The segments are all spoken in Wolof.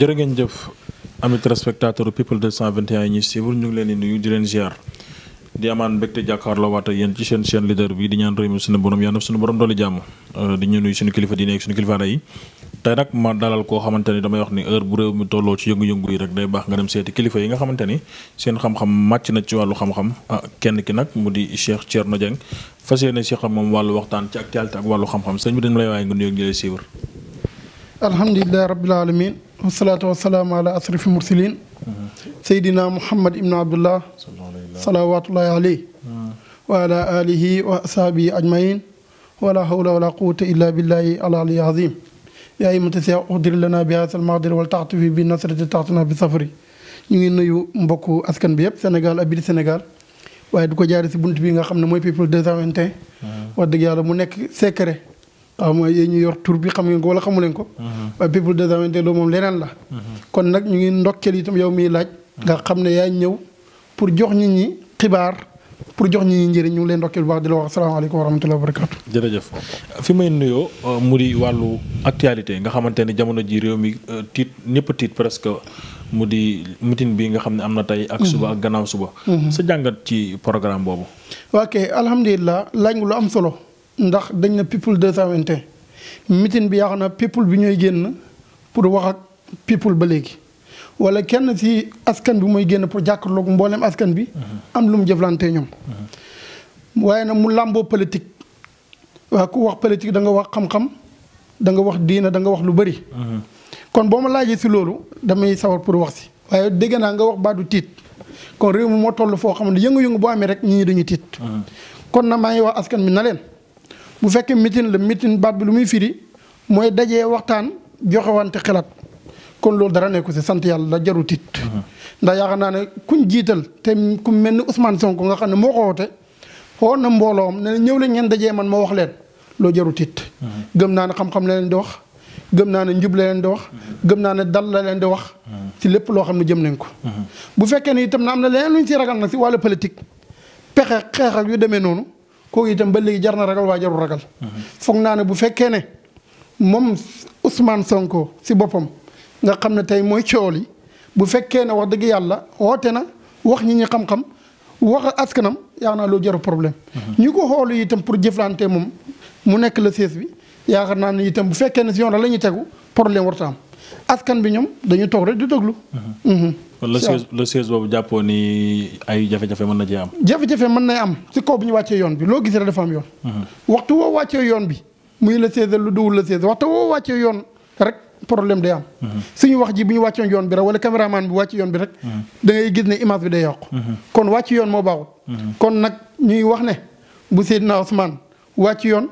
jërë ngeen jëf amit téléspectateur people 221 yi ñuy suivre ñu ngi leen di di amaan mbégte jàkkaarloo waat ak yéen ci seen chaîne leader bi di ñaan réew mi suñu borom yàlla suñu borom doole jàmm euh, di ñu nuyu suñu kilifa di nekk suñu kilifa yi tey nag ma dalal koo xamante ni damay wax ni heure bu réew mi tolloo ci yëngu-yëngu yi rek day baax nga dem seeti kilifa yi nga xamante seen xam-xam màcc na ci wàllu xam-xam ah, kenn ki nag mu di Cheikh Thierno Dieng fas yéene si xam moom wàllu waxtaan ci actualité ak wàllu xam-xam sëñ bi dañ lay waaye nga nuyoo wasalaatu wasalaam ala asrafi mursalin seydina muhammad ibn abdullah salawatullahi alayhi wa ala alihi wa ashabihi ajmain wala hawla wala quwata illa billahi al ali azim yaa imtasi uxdir lana bi haasal maxdir wal taxtufi bi nasrati taxtuna bi safari ñu ngi nuyu mbokku askan bi yëpp senegal ak senegal sénégal waaye du ko jaare si bunt bi nga xam ne mooy people 221 hmm. wax dëgg yàlla mu nekk secret waaw mooy yéen ñu yor tur bi xam ngeen ko wala xamu leen ko. Mm-hmm. waaye people de Zawiya moom leneen la. Mm-hmm. kon nag ñu ngi ndokkeel tam yow miy laaj. Mm-hmm. nga xam ne yaa ñëw pour jox nit ñi xibaar pour jox ñu ñi njëriñ ñu ngi leen ndokkeel bu baax di la wax salaamaaleykum wa rahmatulah wa barakaatu. fi may nuyoo euh, mu di wàllu actualité nga xamante ne jamono ji réew mi euh, tiit ñëpp tiit presque mu di meeting bi nga xam ne am na tey. ak suba ak gannaaw suba. sa jàngat ci programme boobu. ok alhamdulilah laaj lu am solo. ndax dañ na people 221 meeting bi yaakaar na people bi ñooy génn pour wax ak pippul ba léegi wala kenn si askan bi mooy génn pour jàkkaarloog mboolem askan bi. Mhm. am lu mu jëflante ñoom. Mhm. waaye nag mu làmboo politique waa ku wax politique da nga wax xam-xam da nga wax diina da nga wax lu bëri. Mhm. kon boo ma laajee si loolu damay sawar pour wax si waaye dégg naa nga wax baadu tiit kon réew mi moo toll foo xam ne yëngu-yëngu boo amee rek ñii dañuy tiit. kon na maa ngi wax askan bi na bu fekkee mitin la mitin baat bi lu muy firi mooy dajee waxtaan joxewante xalaat kon loolu dara nekku si sant yàlla la jaru tiit mm-hmm. ndax yaakaar naa ne kuñ jiital te ku mel ni Ousmane Sonko nga xam ne moo ko woote xool na mbooloom ne ñëw leen ngeen dajee man ma wax leen loo jaru tiit mm-hmm. gëm naa ne xam-xam la di wax gëm naa ne njub la di wax mm-hmm. gëm naa ne dal la leen di wax ci lépp loo xam ne jëm nañ ko bu fekkee ne tam na am na leneen luñ si ragal na si wàllu politique pexe xeex ak demee noonu kooku itam ba léegi jar na ragal waa jarul ragal. foog naa ne bu fekkee ne moom Ousmane Sonko si boppam nga xam ne tey mooy cool yi bu fekkee ne wax dëgg yàlla woote na wax ñi ñi xam-xam wax askanam yaa naa loolu jarul problème. Mhm. ñu ko xoolu itam pour jëflantee moom mu nekk la sees bi yaakaar naa ne itam bu fekkee ne si yoon la ñuy tegu problème warta am. askan bi ñoom dañu toog rek di déglu. Mhm. Mhm. kon le le siège boobu jàppoo ni ay jafe-jafe mën na cee am. jafe-jafe mën nay am si kaw bi ñu wàccee yoon bi loo gis dafa am yoon. Mhm. waxtu woo wàccee yoon bi muy le siège lu duwul la siège waxtu woo wàccee yoon rek problème day am. suñu wax ji bu ñu wàccee yoon bi rek wala caméraman bi wàcce yoon bi rek. da ngay gis ne image bi day yàqu. kon wàcc yoon moo baaxut. kon nag ñuy wax ne bu na Ousmane wàcc yoon.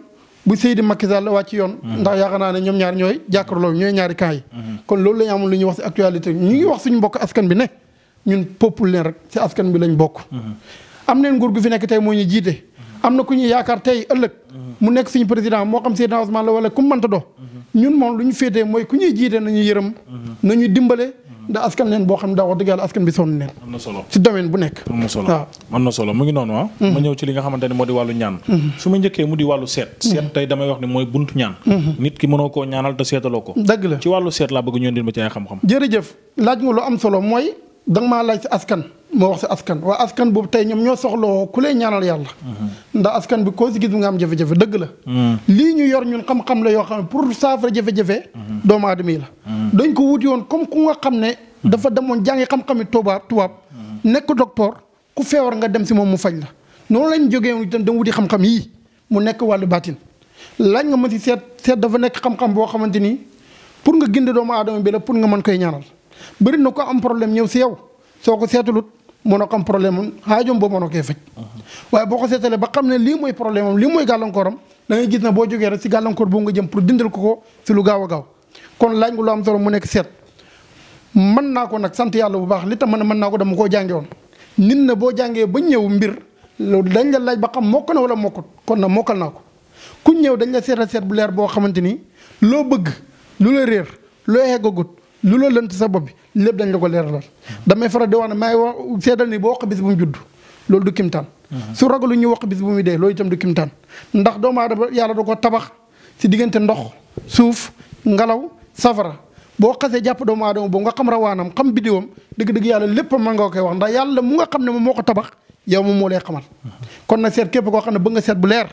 bu Seydi Macky Sall wàcc yoon. ndax yaakaar naa ne ñoom ñaar ñooy jàkkaarloo ñooy ñaari camps yi. kon loolu la ñu amoon lu wax si actualité ñu ngi wax suñu mbokk askan bi ne ñun peuple leen rek si askan bi lañ bokk. am neen nguur gu fi nekk tey moo ñu jiite. am na ku ñu yaakaar tey ëllëg. mu nekk suñu président moo xam Seydina Ousmane la wala ku do ñun moom lu ñu féetee mooy ku ñuy jiite nañu yërëm. nañu dimbale. ndax askan leen boo xam ne daa wax dëgg yàlla askan bi sonn leen. am na solo ci domaine bu nekk. am na solo waaw am na solo mu ngi noonu ah. Mm-hmm. ma ñëw ci li nga xamante ne moo di wàllu ñaan. Mm-hmm. su ma njëkkee mu di wàllu seet. Mm-hmm. seet tey damay wax ne mooy buntu ñaan. nit ki mënoo koo ñaanal te seetaloo ko. dëgg la ci wàllu seet laa bëgg ñu indil ma ci ay xam-xam. jërëjëf laaj nga lu am solo mooy danga maa laaj si askan. moo wax si askan waa askan boobu tey ñoom ñoo soxloo ku lay ñaanal yàlla. Mm-hmm. ndax askan bi koo ci gis bi nga am jafe-jafe dëgg la. Mm. lii ñu yor ñun xam-xam la yoo xam ne pour saafara jafe mm-hmm. doomu aadama yi la. Mm-hmm. dañ ko wuti woon comme ku nga xam ne. dafa demoon jàngi xam-xami tubaab tubaab. nekk docteur ku feewar nga dem si moom mu faj la noonu lañ jógee woon itam dama wuti xam-xam yii mu nekk wàllu baatin lañ nga mën si seet seet dafa nekk xam-xam boo xamante ni pour nga gindi doomu aadama bi la pour nga mën koy ñaanal bëri na ko am problème ñëw si yow soo ko seetalut mën a xam problème am xaajom boobu mën a koy faj waaye boo ko seetalee ba xam ne lii mooy problème am lii mooy gàllankooram da ngay gis na boo jogee rek si gàllankoor boo nga jëm pour dindal ko ko si lu gaaw a gaaw kon laaj nga lu am solo mu nekk seet mën naa ko nag sant yàlla bu baax li tam man mën naa ko dama koo jànge woon nit na boo jàngee ba ñëw mbir loolu dañ la laaj ba xam mokk na wala mokkut kon nag mokkal naa ko ku ñëw dañ la seetal seet bu leer boo xamante ni loo bëgg lu la réer loo yeggagut lu la lënt sa bopp bi lépp dañ la ko leer leeralal damay faral di wax ne maay wax seedal ni boo wax bis bu mu juddu loolu du kimtaan mhm. su lu ñuy wax bis bu muy dee loolu itam du kimtaan ndax doomu aadama yàlla da ko tabax si diggante ndox suuf ngelaw safara boo xasee jàpp doomu aadama boobu nga xam rawaanam xam biddiwam dëgg-dëgg yàlla lépp mën nga koy wax ndax yàlla mu nga xam ne moom moo ko tabax yow moom moo lay xamal mhm. kon na seet képp koo xam ne bëgg nga seet bu leer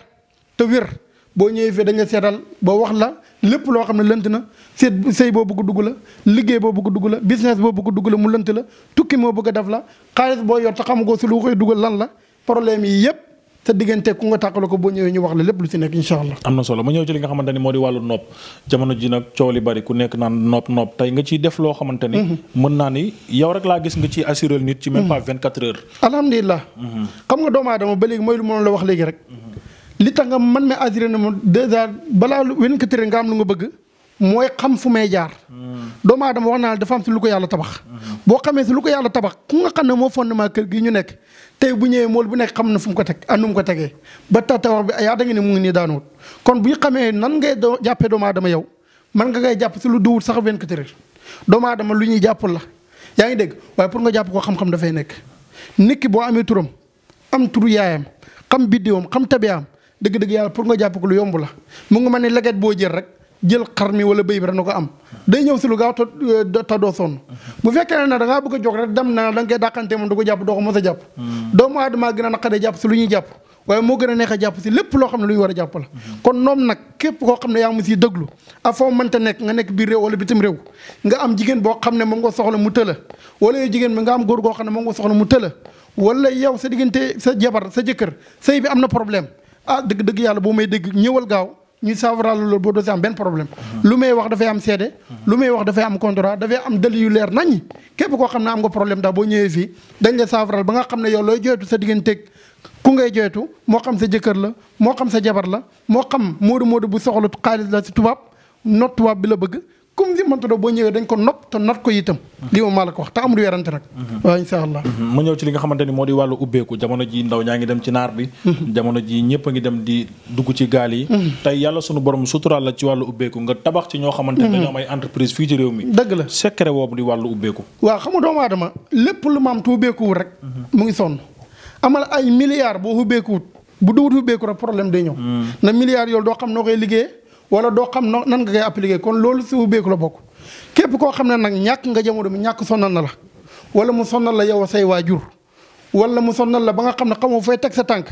te wér boo ñëwee fii dañ la seetal ba wax la lépp loo xam ne lënt na seet sëy boo bëgg dugg la liggéey boo bëgg dugg la business boo bëgg dugg la mu lënt la tukki moo bëgg a la xaalis boo yor te xam ko si lu koy dugal lan la problème yi yëpp sa diggante ku nga tàqale ko boo ñëwee ñu wax la lépp lu si nekk incha allah. am na solo ma ñëw ci li nga xamante ni moo di wàllu nopp jamono ji nag coow li bari ku nekk naan nopp nopp tey nga ciy def loo xamante ni. Mhm. mën naa ni yow rek laa gis nga ciy assuré nit. ci même mhm. pas 24 heures. alhamdulilah. Mhm. xam nga doomu aadama ba léegi mooy lu ma la wax léegi rek li tax nga man ma assuré na ma dèjà balaa lu wen nga am lu nga bëgg mooy xam fu may jaar. doomu aadama wax naa dafa am si lu ko yàlla tabax. boo xamee si lu ko yàlla tabax ku nga xam ne moo fondement kër gi ñu nekk tey bu ñëwee mool bu nekk xam na fu mu ko teg ak nu mu ko tegee ba tax tabax bi yaa da nga mu ngi nii daanuwut kon bu ñu xamee nan ngay doo jàppee doomu adama yow man nga ngay jàpp si lu duwul sax wen ko tëre doomu aadama lu ñuy jàppul la yaa ngi dégg waaye pour nga jàpp ko xam dafay nekk nit ki boo amee turam am turu yaayam xam biddiwam xam tabiyaam dëgg-dëgg yàlla pour nga jàpp ko lu yomb la mu ngi mel ni leget boo jël rek jël xar mi wala béy bi rek na ko am day ñëw si lu gaaw te euh, doo sonn bu fekkee ne da ngaa bëgg jox rek dem na da nga koy dàqante moom du ko jàpp doo ko mos a jàpp hmm. doomu aadama gën a naqadee jàpp si lu ñuy jàpp waaye moo gën a neex a jàpp si lépp loo xam ne lu ñu war a jàpp la hmm. kon noom nag képp koo xam ne yaa ngi siy déglu a foo mënta nekk nga nekk biir réew wala bitim réew nga am jigéen boo xam ne moom nga soxla mu tëla wala yow jigéen bi nga am góor goo xam ne moom nga soxla mu tëla wala yow sa diggante sa jabar sa jëkkër sëy bi am na problème ah dëgg dëgg yàlla boo may dégg ñëwal gaaw ñu saafaraal la boo doo si am benn problème lu may wax dafay am seede lu may wax dafay am contrat dafay am dëli yu leer nañ képp koo xam ne am nga problème daal boo ñëwee fii dañ la saafaraal ba nga xam ne yow looy joytu sa digganteeg ku ngay joytu moo xam sa jëkkër la moo xam sa jabar la moo xam moodu moodu bu soxla xaalis la si tubaab not tubaab bi la bëgg comme li mënta doo boo ñëwee dañ ko nopp te not ko itam lii moom maa la ko wax te amul werante nag mhm. waaw insha allah mhm. ma ñëw ci li nga xamante ni moo di wàllu ubbeeku jamono ji ndaw ñaa ngi dem ci naar bi mhm. jamono ji ñëpp ngi dem di dugg ci gaal yi tey yàlla sunu borom suturaal la ci wàllu ubbeeku nga tabax ci ñoo xamante ni dañoo am ay entreprise fii ci réew mi dëgg la secret boobu di wàllu ubbeeku waaw xam nga doomu aadama lépp lu maam te ubbeekuwut rek mu ngi sonn amal ay milliards boo bu dugut ubbeeku rek problème day ñëw na milliards yoolu doo xam noo koy liggéey wala doo xam nan nga koy appliquer kon loolu si ubbeeku la bokk képp koo xam ne nag ñàkk nga jamono bi ñàkk sonal na la wala mu sonal la yow say waajur wala mu sonal la ba nga xam ne xamoo fay teg sa tànk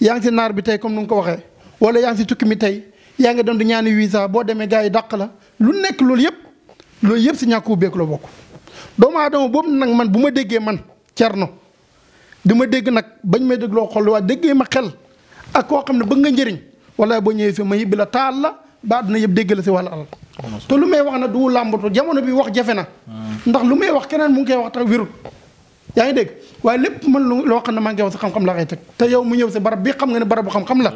yaa ngi si naar bi tey comme nu nga ko waxee wala yaa ngi si tukki mi tey yaa ngi dem di ñaani visa boo demee gars yi dàq la lu nekk loolu yëpp loolu yëpp si ñàkk ubbeeku la bokk doo doomu aadama boobu nag man bu ma déggee man cerno di ma dégg nag bañ may dégloo xol waa ma xel ak koo xam ne bëgg nga njëriñ wala boo ñëwee fi ma yibbi la taal la ba na yëpp dégg la si wàllu alal te lu may wax na du làmbatu jamono bi wax jafe na ndax lu may wax keneen mu ngi koy wax te wérul yaa ngi dégg waaye lépp man lu loo xam ne maa ngi wax si xam-xam la koy teg te yow mu ñëw si barab bi xam nga ne barab bu xam-xam la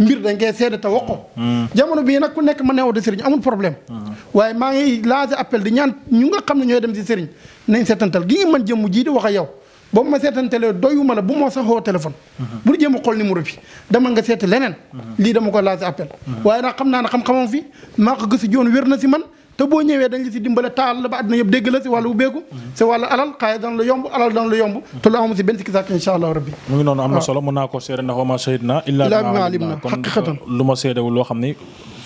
mbir dañ koy seede te wax ko hmm. jamono bii nag ku nekk mën na wax di sëriñ amul problème hmm. waaye maa ngi lancé appel di ñaan ñu nga xam ne ñooy dem si sëriñ nañ setantal gi ngi mën jëmm jii di wax ak yow ba mu ma seetantelee doyuma la bu moo saxoo téléphone. Mhm. bu jéem a xool numéro bi dama nga seet leneen. Mhm. lii dama ko laaj appel. Mhm. waaye nag xam naa ne xam-xamam fi maa ko gis joon wér na si man te boo ñëwee dañ la si dimbale taal la ba àddina yëpp dégg la si wàllu ubbeeku. si wàllu alal xaalis dana la yomb alal dana la yomb. te lu amu si benn kisaak incha allah rabbi. mu ngi noonu am na solo mën naa ko seede ndax wa ma shahidna. illaa bimaa alimnaa kon loo xam ni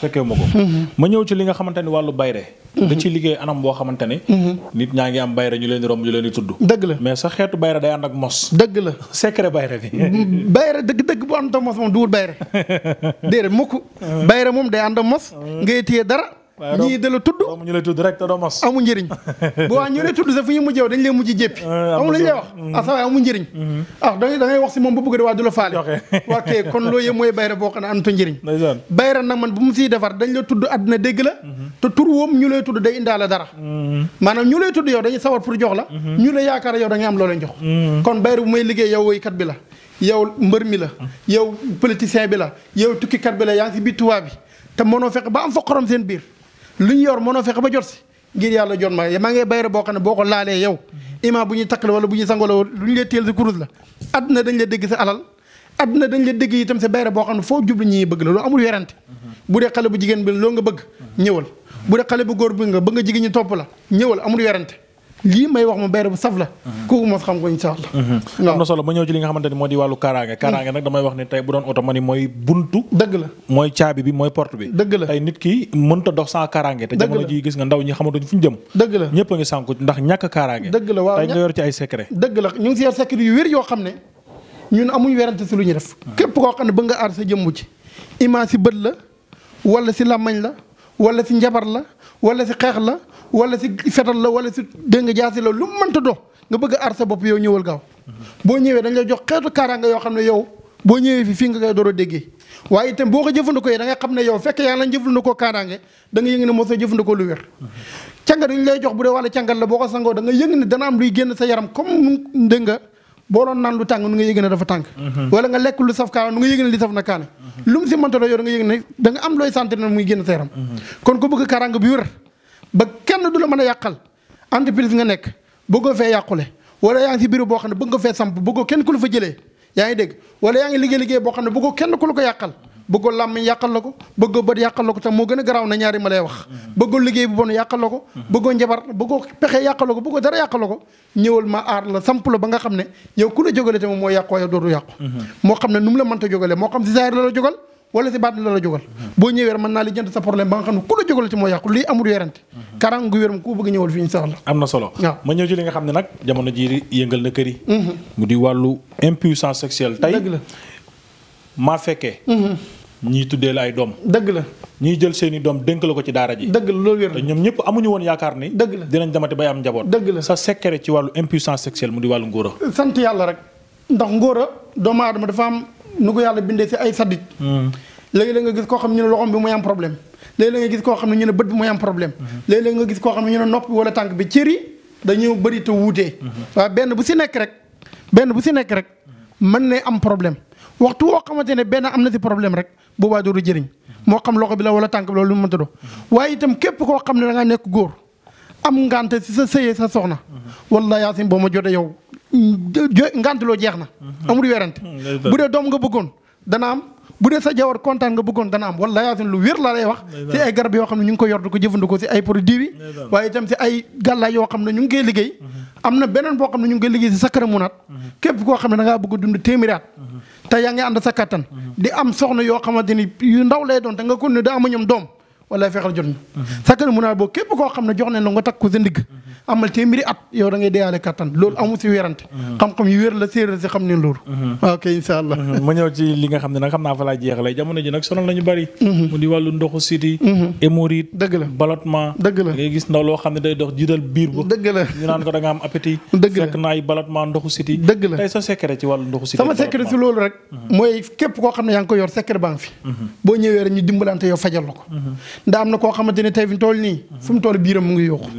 fekkee ma ko mhm. ma ñëw ci li nga xamante ni wàllu bayre da mhm. ci liggéey anam boo xamante ni mhm. nit ñaa ngi am bayre ñu leen di romb ñu leen di tudd dëgg la mais sa xeetu bayre day ànd ak mos dëgg la secret bayre bi bayre dëgg dëgg bu am tam mos moom du wut bayre déedéet mukk bayre moom day ànd ak mos ngay téye dara ñii da la tudd ñu lay tudd rek te doo mos amu njëriñ bu waa ñu lay tudd sax fu ñu mujjee dañ lay mujj jéppi amu lañ lay wax mm-hmm. ah sa waay amu da ngay wax si moom ba bëgg de waa du la faale waa kay kon loolu yëpp mooy bayra boo xam ne amatu njëriñ bayra nag man bu mu siy defar dañ la tudd àddina dégg la mm-hmm. te tur woom ñu lay tudd day indaale dara mm-hmm. maanaam ñu lay tudd yow dañuy sawar pour jox la ñu lay yaakaar yow da ngay am loo leen jox kon bayra bu may liggéey yow kat bi la yow mbër mi la yow politicien bi la yow tukkikat bi la yaa ngi si biir tubaab bi te mënoo fekk ba am fa xorom seen biir lu ñu yor mënoo fexe ba jot si ngir yàlla jot ma maa ngay bayre boo xam ne boo ko laalee yow ima bu ñu takk la wala bu ñu sango la lu ñu lay teel si kurus la àdduna dañ la dégg sa alal àdduna dañ la dégg itam sa bayre boo xam ne foo jublu ñi bëgg la loolu amul werante bu dee xale bu jigéen bi loo nga bëgg ñëwal bu dee xale bu góor bi nga bëgg nga jigéen ñi topp la ñëwal amul werante lii may wax ma beere bu saf la kooku xam ko insha allah mhm. am na solo ma ñëw ci li nga xamante ni moo di wàllu kaaraange mm. kaaraange nag damay wax ne tey bu doon oto ma ni mooy buntu dëgg la mooy caabi bi mooy port bi dëgg la tey nit ki mënta dox sans kaaraange te jamono ji gis nga ndaw ñi xamatuñ fu ñu jëm dëgg la ñëpp a ngi sànku ndax ñàkk kaaraange dëgg la waaw tey ay secret dëgg la ñu ngi si yor secret yu wér yoo xam ne ñun amuñ werante si lu ñu def mm. képp koo xam ne ba nga aar sa jëmm ci image si bët la wala si làmmañ la wala si njabar la wala si xeex la wala si fetal la wala si dégg jaasi la lu mënta dox nga bëgg a aar sa bopp yow ñëwal gaaw boo ñëwee dañ lay jox xeetu kaaraanga yoo xam ne yow fi fii nga koy door a déggee waaye da nga xam ne yow fekk yaa lañ jëfandikoo kaaraange da nga la boo ko sangoo da nga yëngu ne dana am luy génn sa yaram comme dégg nga boo doon naan lu tàng nu nga yëg mhm. lekk lu saf kaana nu nga yëg ne li saf na kaane mhm. lu si mënta doo yow da nga yëg ne da am looy sentir ne muy génn sa yaram mhm. kon ko bëgg kaaraange bi wér ba kenn du la mën a yàqal entreprise nga nekk bëggoo fee yàqule wala yaa ngi si bureau boo xam ne bëgg nga fee samp bëggoo kenn ku fa jëlee yaa ngi dégg wala yaa ngi liggéey liggéey boo xam ne bëggoo kenn ku la ko yàqal bëggoo làmmiñ yàqal la ko bëggoo bët yàqal la ko a bëggoo liggéey bëggoo njabar yàqal la ko bëggoo dara yàqal la ko ñëwal ma aar la samp la ba nga xam ne yow ku la jógale tamit moo yàqu waaye dootu yàqu mm-hmm. moo xam ne nu mu la mënta jógale wala si baat la la jógal boo ñëwee rek naa li jënd sa problème ba nga xam ne ku la jógal ci moo yàqu lii amul werante karan gu wéram ku bëgg ñëwal fi ñu sax am na solo waaw ma ñëw ci nga xam ne nag jamono ji yëngal na kër yi mhm. mu di wàllu impuissance sexuelle tey maa fekkee mhm. ñii tuddee la ay doom dëgg la ñuy jël seen i doom dénk la ko ci daara ji dëgg la loolu wér ñoom ñëpp amuñu woon yaakaar ni dëgg la dinañ demati bay am njaboot dëgg la sa secret ci wàllu impuissance sexuelle mu di wàllu ngóora sant yàlla rek ndax ngóora doomu aadama dafa nu ko yàlla bindee si ay saddit hmm. léegi-léeg nga gis koo xam ne ñu ne loxoom bi mooy am problème léegi-léeg nga gis koo xam ne ñu ne bët bi mooy am problème hmm. léegi nga gis koo xam ne ñu ne nopp wala tànk bi cër yi dañoo bëri te wuutee hmm. waaw benn bu si nekk rek benn bu si nekk rek mën ne am problème waxtu woo xamante ne benn am na si problème rek boobaa doodu jëriñ moo xam loxo bi la wala tànk bi loolu lu mu mëntadoo waaye itam képp koo xam ne da ngaa nekk góor am ngante si sa sëyee sa soxna wallaahi yaasin boo ma jotee yow ngàntaloo jeex na. Mhm. amul werante mhm, bu dee doom nga bëggoon dana am bu dee sa jawar kontaan nga bëggoon dana am wala yaasin lu wér la lay wax. si ay garab yoo xam ne ñu ngi ko yor di ko jëfandikoo si ay produits yi. waaye itam si ay gàllaay yoo xam ne ñu ngi koy liggéey. Mhm. am na beneen boo xam ne ñu ngi koy liggéey si sakara munaat. képp koo xam ne da ngaa bëgg a dund téeméeri at. te yaa ngi ànd sa kattan. di am soxna yoo xamante ni yu ndaw lay doon te nga ko ne daa am ñoom doom wala fexeel jot ñu sakk mun naa boo képp koo xam ne jox ne la nga ko sa ndigg amal téeméeri at yow da ngay deyaale kattan loolu amu si wérante xam-xam yu wér la séeréer si xam ne loolu waaw insha allah ma ñëw ci li nga xam ne nag xam naa fa laa jeexale jamono ji nag sonal nañu bari mu di wàllu ndoxu siti hémorroïde dëgg la ballottement dëgg la ngay gis ndaw loo xam ne day dox jiital biir ba dëgg la ñu naan ko da am appétit dëgg la fekk naa ay ballottement ndoxu siti dëgg koo xam ne yaa ngi ko yor secret baa ngi fi mhm. boo ñëwee rek ñu dimbalante ndax am na koo xamante ne tey fi mu toll nii fu mu toll biiram mu ngi yóoxu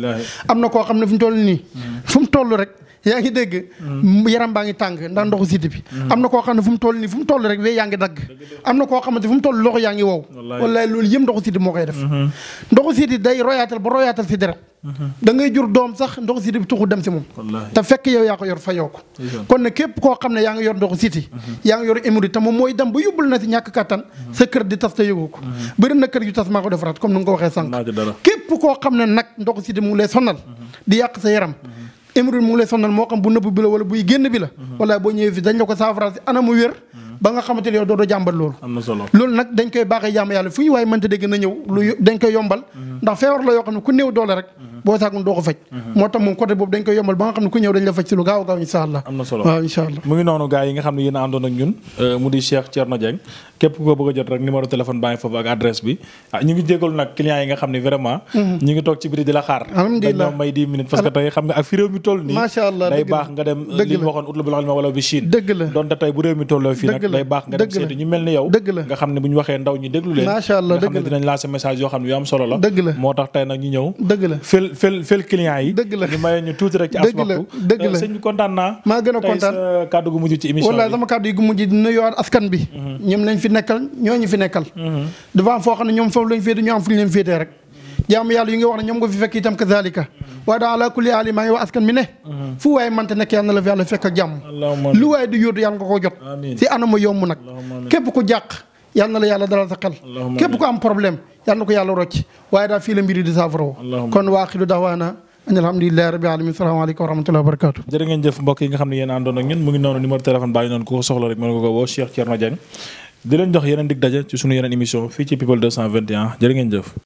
am na koo xam ne fu mu toll nii mm. fu mu toll rek yaa ngi dégg mm. yaram baa ngi tàng ndax ndoxu siti bi mm. am na koo xam ne fu mu toll nii fu mu toll rek wee yaa ngi dagg am na koo xamante fu mu toll loxo yaa ngi wow wallaay loolu yëpp ndoxu siti moo koy def mm-hmm. ndoxu siti day royaatal ba royaatal si deret da ngay jur doom sax ndox siti bi tuxu dem si moom te fekk yow yaa ko yor fa ko kon ne képp koo xam ne yaa ngi yor ndox siti mhm. yaa ngi yor émuri te moom mooy dem ba yóbbul na si ñàkk kattan mhm. sa kër di tas te yëgu ko mhm. bëri na kër yu tas maa ko defaraat comme ni nga ko waxee sànq képp koo xam ne nag ndox siti mu ngi lay sonal di yàq sa yaram émuri mu ngi lay sonal moo xam bu nëbb bi la wala buy génn bi la wala boo ñëwee fi dañ la ko saafara ba nga xamante loolu nag dañ koy baaxee jàmm yàlla fu ñu waaye mënta dégg na ñëw dañ koy yombal mhm. ndax feebar la yoo xam ne ku néew doole rek mhm. boo saagun doo ko faj mhm. moo tax mu ngi noonu gars yi nga xam ne yéen a àndoon ak ñun euh, mu di Cheikh Thierno Dieng képp ku ko bëgg a jot rek numéro téléphone baa foofu ak adresse bi ah, ñu ngi jégalu nag clients yi nga xam ne vraiment ñu ngi toog ci biir di la xaar alhamdulilah may 10 minutes parce que tey xam nga ak fi réew mi toll day dëgg la nga xam ne bu yi dëgg la ñu maye ñu tuuti rek ci euh, a askan bi mhm. ñoom lañ fi nekkal ñoo fi nekkal mhm. dafa am foo xam ne ñoom foofu lañ féete ñoo am fu ñu leen féetee rek jaamu yàlla yi nga wax ne ñoom nga fi fekk itam ka zalika waaye daal ala kulli aali maa ngi wax askan mi ne fu waaye mante nekk yàlla fekk ak lu waaye di yóotu yàlla nga ko jot si anama yomb nag képp ku jàq yàlla na la yàlla dalal sa xel képp ku am problème yàlla na ko yàlla rocc waaye daal fii la mbiri di saafarawo kon waa xilu dawaana alhamdulilahi rabbil alamin salaamaaleykum mu ngi noonu numéro téléphone baa ngi noonu ko soxla rek mën nga ko woo Cheikh Thierno Diagne di